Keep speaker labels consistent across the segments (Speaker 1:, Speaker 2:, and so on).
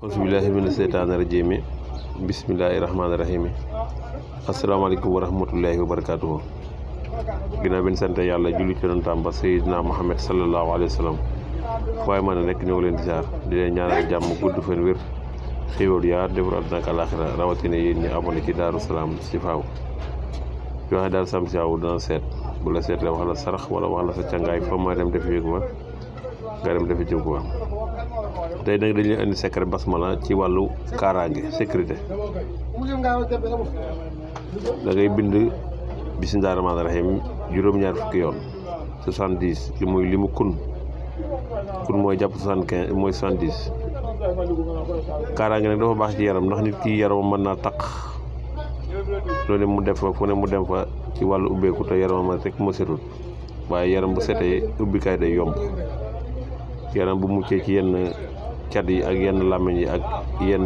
Speaker 1: auzubillahi mina seytaani rajiimi bismillahi rahmaani rahiimi asalaamaaleykum wa rahmatullahi wa barakaatuhu ginnaaw bi ñu sant yàlla julli ci yonentam ba Seydina Muhammad sallallahu alayhi wa sallam waaye man nekk ñu leen di saar di leen ñaanal jàmm gudd fan wér xéwal yaa defar àdduna ak àlaaxira rawatina yéen ñi abonné ci Daaru Salaam si faaw yoo xam ne Daaru Salaam si faaw dana seet bu la seetlee wax la sarax wala wax la sa cangaay fa ma dem defi ko ba nga dem defi ci ko tey nag dañuy indi secret basmala ci wàllu kaaraange sécurité da bind bisimilah rahmaani juróom-ñaar fukki yoon soixante dix li muy li mu kun kun mooy jàpp soixante quinze mooy soixante dix kaaraange nag dafa baax ci yaram ndax nit ki yaramam mën naa taq loole mu def fa fu ne mu dem fa ci wàllu ubbeeku te yaramam rek moo setul waaye yaram bu setee ubbikaay day yomb yaram bu muccee ci yenn cat yi ak yenn làmmiñ yi ak yenn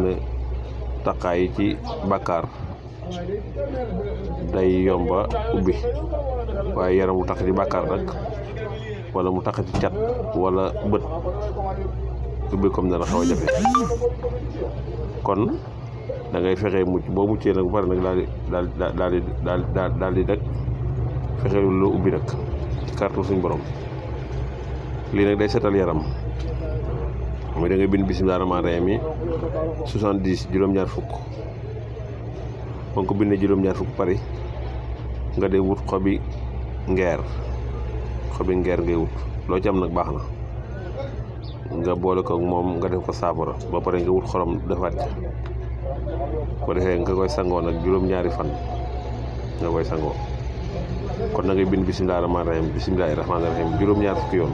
Speaker 1: taqaay yi ci bàkkaar day yomba ubbi waaye yaram wu taqati bàkkaar nag wala mu taqati cat walla bët ubbi comme dana xaw a jafe kon da fexe mucc boo muccee nag bu pare nag daal di daal daal di fexe lu ubbi nag ci kàrtu suñ borom lii nag day setal yaram mooy da bind bisimilah rahmaani rahiim yi soixante juróom-ñaar fukk ba nga ko bindee juróom-ñaar fukk pari nga de wut xobi ngeer xobi ngeer ngay wut loo baax na nga boole ko moom nga def ko saabara ba pare nga xorom defaat ci ko nag juróom fan nga koy sangoo kon na ngay bind bisimilah rahmaani rahiim bisimilah juróom-ñaar yoon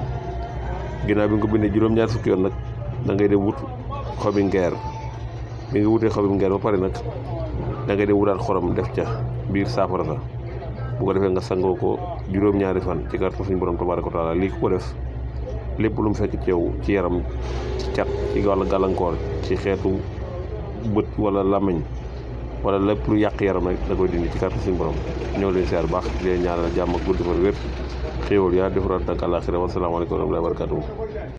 Speaker 1: ginnaaw bi nga ko bindee juróom-ñaar fukki yoon nag. da ngay dem wut xobi ngeer bi nga wutee xobi ngeer ba pare nag da ngay dem wutaat xorom def ca biir saafara sa bu ko defee nga sangoo ko juróom-ñaari fan ci kàttan suñu borom tabaaraka wa taala lii ku ko def lépp lu mu fekk ci yow ci yaram ci cat ci wàllu gàllankoor ci xeetu bët wala làmmiñ wala lépp lu yàq yaram rek da koy dindi ci kàttan suñu borom ñoo leen siyaar baax di leen ñaanal jàmm ak gudd fan wér xéewal yaa defaraat nag àllaaxira wa salaamu aleykum wa rahmatullaahi